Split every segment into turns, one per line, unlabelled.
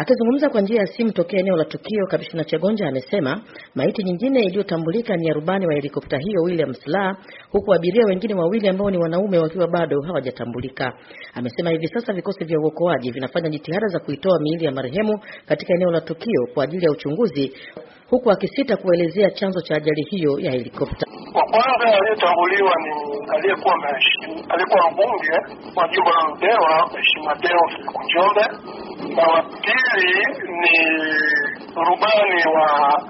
Akizungumza kwa njia ya simu tokea eneo la tukio, Kamishna Chagonja amesema maiti nyingine iliyotambulika ni ya rubani wa helikopta hiyo William Slaa, huku abiria wengine wawili ambao ni wanaume wakiwa bado hawajatambulika. Amesema hivi sasa vikosi vya uokoaji vinafanya jitihada za kuitoa miili ya marehemu katika eneo la tukio kwa ajili ya uchunguzi, huku akisita kuelezea chanzo cha ajali hiyo ya helikopta.
Kwa kwanza aliyetambuliwa ni aliyekuwa aliyekuwa mbunge wa jimbo la Ludewa, Mheshimiwa Deo Njombe no adquiere ni rubani wa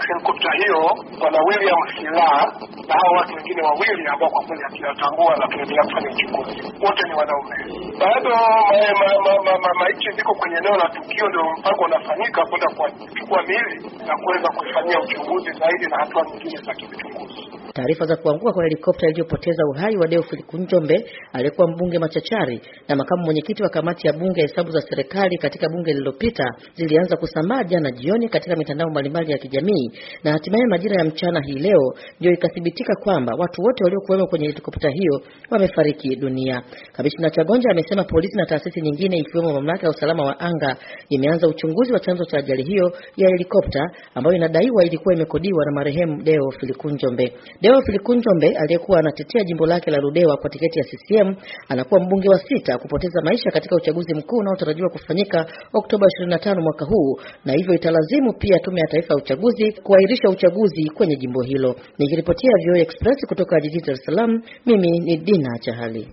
helikopta hiyo bwana William Silaa na hao watu wengine wawili ambao kwa kweli hatujatambua na tunaendelea kufanya uchunguzi. Wote ni wanaume. Bado maiti ziko kwenye eneo la tukio, ndio mpango unafanyika kwenda kuchukua miili na kuweza kufanyia uchunguzi zaidi na hatua nyingine za kiuchunguzi.
Taarifa za kuanguka kwa helikopta iliyopoteza uhai wa Deofiliku Njombe aliyekuwa mbunge machachari na makamu mwenyekiti wa kamati ya bunge ya hesabu za serikali katika bunge lililopita zilianza kusambaa jana jioni katika mitandao mbalimbali ya kijamii, na hatimaye majira ya mchana hii leo ndio ikathibitika kwamba watu wote waliokuwemo kwenye helikopta hiyo wamefariki dunia. Kamishna Chagonja amesema polisi na taasisi nyingine ikiwemo mamlaka ya usalama wa anga imeanza uchunguzi wa chanzo cha ajali hiyo ya helikopta ambayo inadaiwa ilikuwa imekodiwa na marehemu Deo Filikunjombe. Deo Filikunjombe aliyekuwa anatetea jimbo lake la Ludewa kwa tiketi ya CCM anakuwa mbunge wa sita kupoteza maisha katika uchaguzi mkuu unaotarajiwa kufanyika Oktoba 25 mwaka huu na hivyo italazimu pia Tume ya Taifa ya Uchaguzi kuahirisha uchaguzi kwenye jimbo hilo. Nikiripotia VOA Express kutoka jijini Dar es Salaam, mimi ni Dina Chahali.